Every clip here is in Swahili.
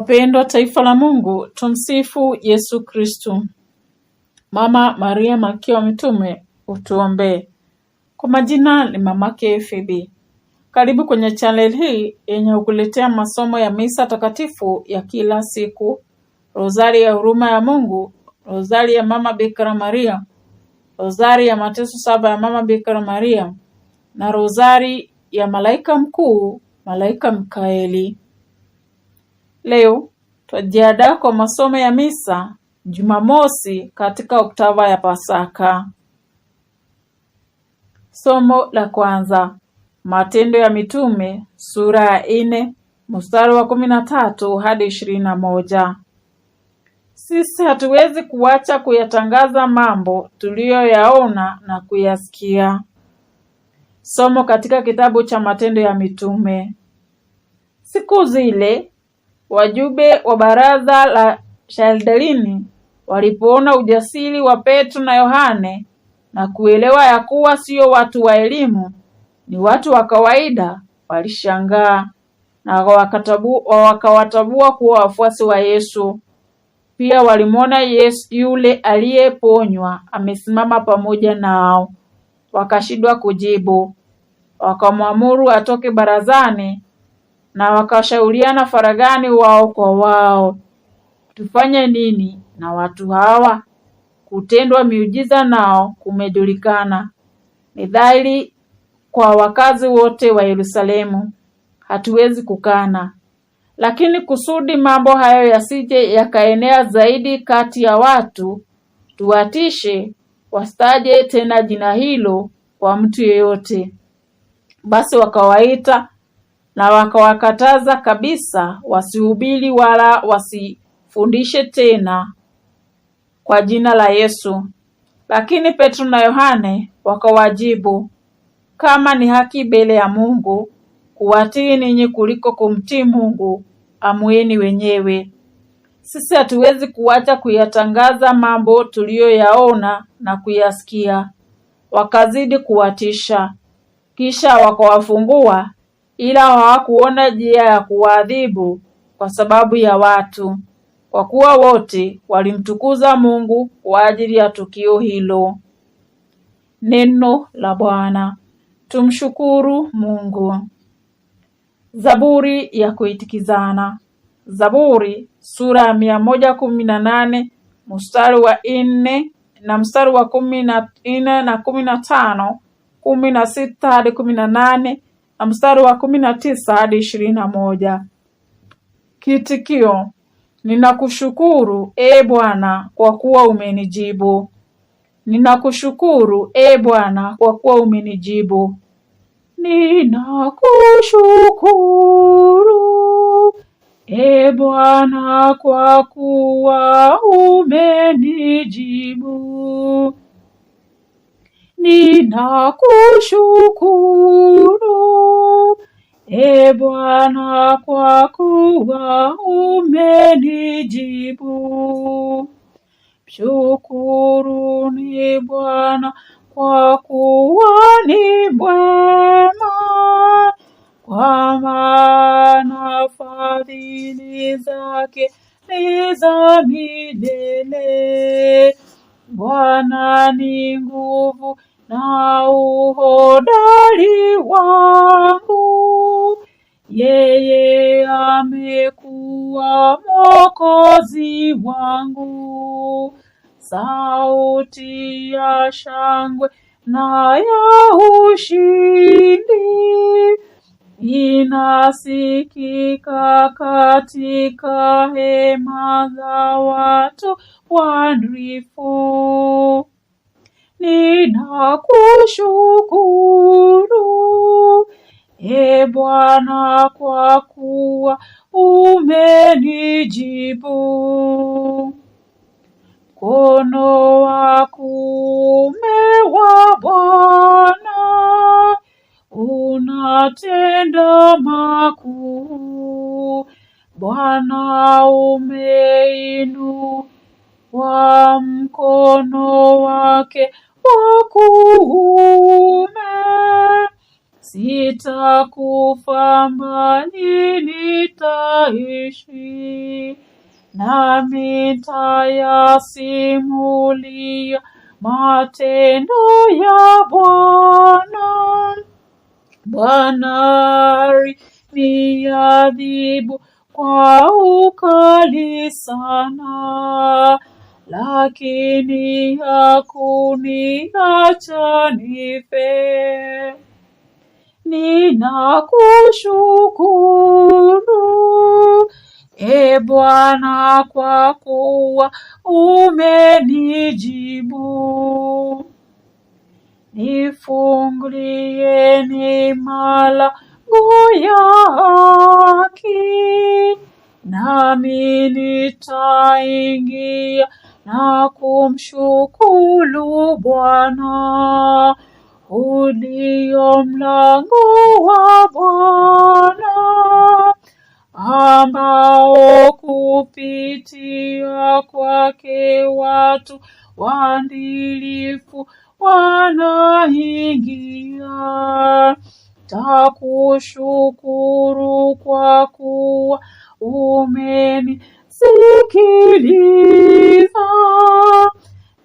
Wapendwa taifa la Mungu, tumsifu Yesu Kristu. Mama Maria malkia mtume mitume utuombee. Kwa majina ni mamake Phoebe. Karibu kwenye channel hii yenye kukuletea masomo ya misa takatifu ya kila siku, rozari ya huruma ya Mungu, rozari ya mama Bikira Maria, rozari ya mateso saba ya mama Bikira Maria na rozari ya malaika mkuu, malaika Mikaeli. Leo twajiandaa kwa masomo ya misa Jumamosi katika oktava ya Pasaka. Somo la kwanza, Matendo ya Mitume sura ya nne mstari wa kumi na tatu hadi ishirini na moja. Sisi hatuwezi kuacha kuyatangaza mambo tuliyoyaona na kuyasikia. Somo katika kitabu cha Matendo ya Mitume. Siku zile Wajumbe wa Baraza la Shaldelini walipoona ujasiri wa Petro na Yohane na kuelewa ya kuwa sio watu wa elimu, ni watu wa kawaida, walishangaa na wakawatabua kuwa wafuasi wa Yesu. Pia walimwona Yesu yule aliyeponywa amesimama pamoja nao, wakashindwa kujibu, wakamwamuru atoke barazani na wakashauriana faragani wao kwa wao, tufanye nini na watu hawa? Kutendwa miujiza nao kumejulikana, ni dhahiri kwa wakazi wote wa Yerusalemu, hatuwezi kukana. Lakini kusudi mambo hayo yasije yakaenea zaidi kati ya watu, tuwatishe wasitaje tena jina hilo kwa mtu yeyote. Basi wakawaita na wakawakataza kabisa wasihubiri wala wasifundishe tena kwa jina la Yesu. Lakini Petro na Yohane wakawajibu, kama ni haki mbele ya Mungu kuwatii ninyi kuliko kumtii Mungu, amueni wenyewe. Sisi hatuwezi kuacha kuyatangaza mambo tuliyoyaona na kuyasikia. Wakazidi kuwatisha, kisha wakawafungua ila hawakuona njia ya kuwaadhibu kwa sababu ya watu, kwa kuwa wote walimtukuza Mungu kwa ajili ya tukio hilo. Neno la Bwana. Tumshukuru Mungu. Zaburi ya kuitikizana. Zaburi sura ya mia moja kumi na nane mstari wa nne na mstari wa kumi na nne na kumi na tano kumi na sita hadi kumi na nane mstari wa kumi na tisa hadi ishirini na moja. Kiitikio: Ninakushukuru e Bwana kwa kuwa umenijibu. Ninakushukuru e Bwana kwa kuwa umenijibu. Ninakushukuru e Bwana kwa kuwa umenijibu. Ninakushukuru E Bwana, kwa kuwa umenijibu. Mshukuruni Bwana kwa kuwa ni mwema, kwa maana fadhili zake ni za milele. yeye amekuwa mwokozi wangu. Sauti ya shangwe na ya ushindi inasikika katika hema za watu waadilifu. Ninakushukuru E Bwana, kwa kuwa umenijibu. Mkono wa kuume wa Bwana unatenda makuu. Bwana umeinua mkono wake wa kuume Sitakufa mbali nitaishi, nami nitayasimulia matendo ya Bwana. Bwana adhibu kwa ukali sana, lakini hakuniacha nife ninakushukuru e Bwana, kwa kuwa umenijibu. Nifungulie ni malango ya haki, nami nitaingia na kumshukuru Bwana ulio mlango wa Bwana ambao kupitia kwake watu waadilifu wanaingia. Takushukuru kwa kuwa umenisikiliza,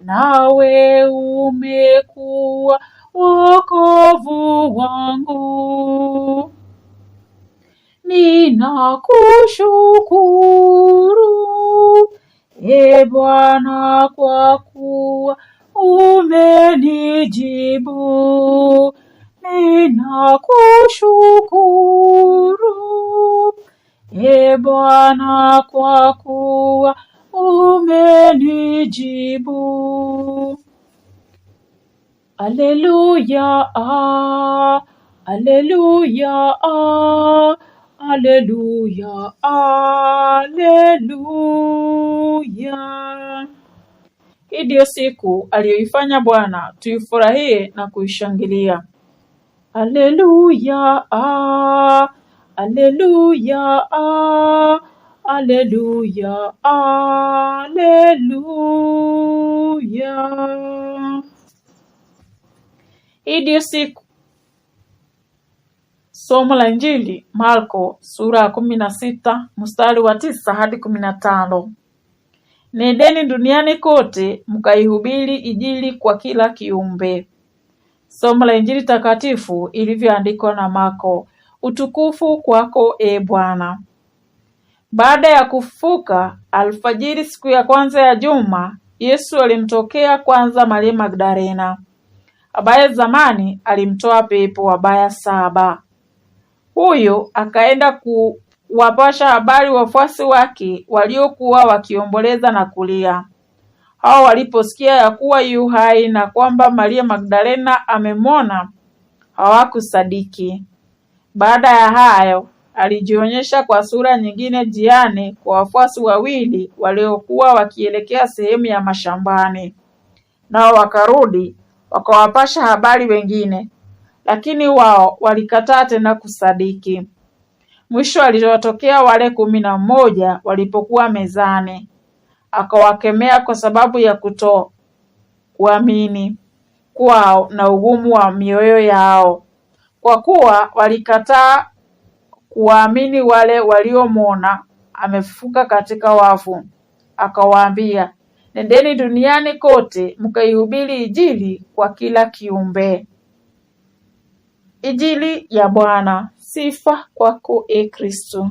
nawe umekuwa wokovu wangu. Ninakushukuru e Bwana kwa Alléluia, ah, Alléluia, ah, Alléluia, Alléluia. Hii ndiyo siku aliyoifanya Bwana, tuifurahie na kuishangilia. Haleluya, ah, haleluya, ah, haleluya, haleluya. Ah. Hii ndiyo siku. Somo la Injili Marko sura ya kumi na sita mstari wa tisa hadi kumi na tano. Nendeni duniani kote mkaihubiri Injili kwa kila kiumbe. Somo la Injili takatifu ilivyoandikwa na Marko. Utukufu kwako e Bwana. Baada ya kufufuka alfajiri siku ya kwanza ya juma, Yesu alimtokea kwanza Maria Magdalena ambaye zamani alimtoa pepo wabaya saba. Huyo akaenda kuwapasha habari wafuasi wake waliokuwa wakiomboleza na kulia. Hao waliposikia ya kuwa yu hai na kwamba Maria Magdalena amemwona, hawakusadiki. Baada ya hayo alijionyesha kwa sura nyingine jiani kwa wafuasi wawili waliokuwa wakielekea sehemu ya mashambani, nao wakarudi wakawapasha habari wengine, lakini wao walikataa tena kusadiki. Mwisho aliwatokea wale kumi na mmoja walipokuwa mezani, akawakemea kwa sababu ya kuto kuamini kwao na ugumu wa mioyo yao, kwa kuwa walikataa kuwaamini wale waliomwona amefufuka katika wafu. Akawaambia, Nendeni duniani kote mkaihubiri Injili kwa kila kiumbe. Injili ya Bwana. Sifa kwako, e Kristo.